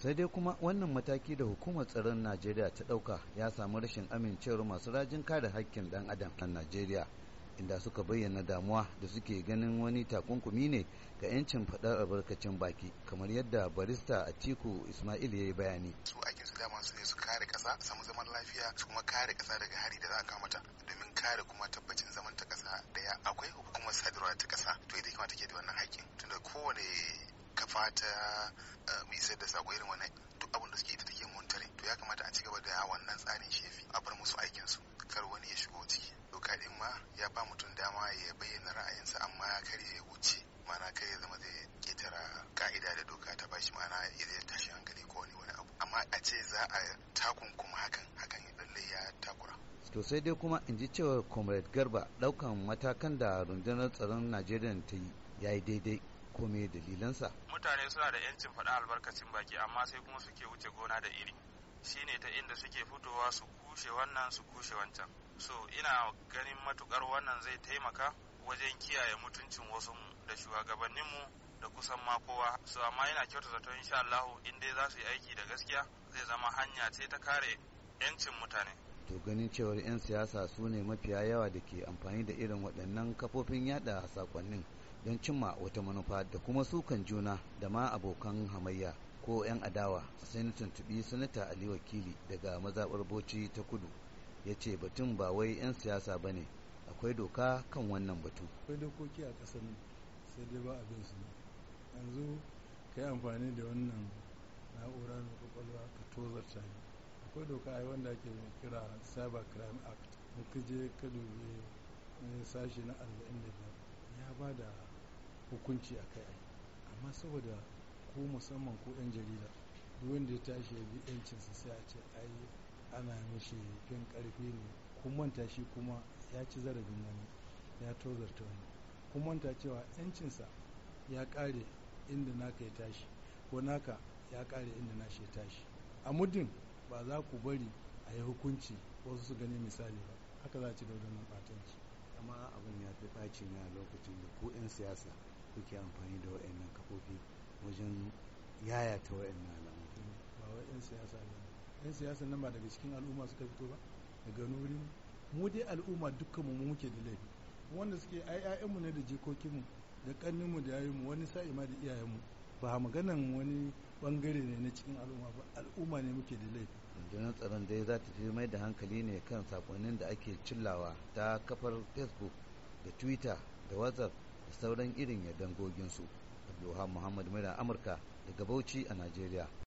sai dai kuma wannan mataki da hukumar tsaron najeriya ta ɗauka ya samu rashin amincewar masu rajin kare haƙƙin dan adam a najeriya inda suka bayyana damuwa da suke ganin wani takunkumi ne ga 'yancin faɗar albarkacin baki kamar yadda barista a atiku ismail ya yi bayani su ake su dama su ne su kare ƙasa samu zaman lafiya su kuma kare kasa daga hari da za a kamata domin kare kuma tabbacin zaman ta ƙasa ya akwai hukumar sadarwa ta kasa to ita kuma take da wannan haƙƙin tunda kowane kafa ta Mu da sako irin wannan duk abin da suke ita take monitoring to ya kamata a ci gaba da wannan tsarin shefi a bar musu aikin su kar wani ya shigo ciki doka din ma ya ba mutum dama ya bayyana ra'ayinsa amma kar ya wuce ma'ana kar zama zai ketara ka'ida da doka ta bashi mana ya zai tashi hankali ko wani wani abu amma a ce za a takun kuma hakan hakan lallai ya takura to sai dai kuma in ji cewa comrade garba daukan matakan da rundunar tsaron najeriya ta yi ya yi daidai ko me dalilansa mutane suna da yancin faɗa albarkacin baki amma sai kuma suke wuce gona da iri shi ne ta inda suke fitowa su kushe wannan su kushe wancan so ina ganin matukar wannan zai taimaka wajen kiyaye mutuncin wasu da shugabanninmu da kusan ma kowa so amma yana kyauta zato insha Allah in dai za su yi aiki da gaskiya zai zama hanya ce ta kare yancin mutane to ganin cewar 'yan siyasa su ne mafiya yawa da ke amfani da irin waɗannan kafofin yada sakonnin don cimma wata manufa da kuma sukan juna da ma abokan hamayya ko 'yan adawa sai na tuntubi sanata ali wakili daga mazaɓar bauchi ta kudu ya ce batun ba wai 'yan siyasa ba ne akwai doka kan wannan batu akwai dokoki a ƙasar sai dai ba abin su yanzu ka yi amfani da wannan na'ura na kwakwalwa ka tozarta ne akwai doka yi wanda ake kira cyber crime act in ka je ka dubi eh, sashe na 45 ya ba da hukunci a kai amma saboda ko musamman ko ɗan jarida duk wanda ya tashi ya bi yancinsa sai a ce ai ana mishi fin ƙarfi ne kun manta shi kuma ya ci zarafin wani ya tozarta wani kun manta cewa yancinsa ya ƙare inda naka ya tashi ko naka ya ƙare inda nashi ya tashi a muddin ba za ku bari a yi hukunci wasu su gani misali ba haka za a ci da wani ɓatanci amma abin ya fi ɓaci na lokacin da ko 'yan siyasa kuke amfani da wa'annan kafofi wajen yayata wa'annan alamu ba wai yan siyasa ba yan siyasa nan ba daga cikin al'umma suka fito ba daga nurin mu dai al'umma dukkan mu muke da laifi wanda suke ai mu ne da jikokinmu da mu da yayinmu wani sa'i ma da iyayenmu ba maganan wani bangare ne na cikin al'umma ba al'umma ne muke da laifi rundunar tsaron dai za ta fi mai da hankali ne kan sakonnin da ake cillawa ta kafar facebook da twitter da whatsapp da sauran irin yadangoginsu. Abdulhamid Muhammad Mura Amurka daga Bauchi a Najeriya.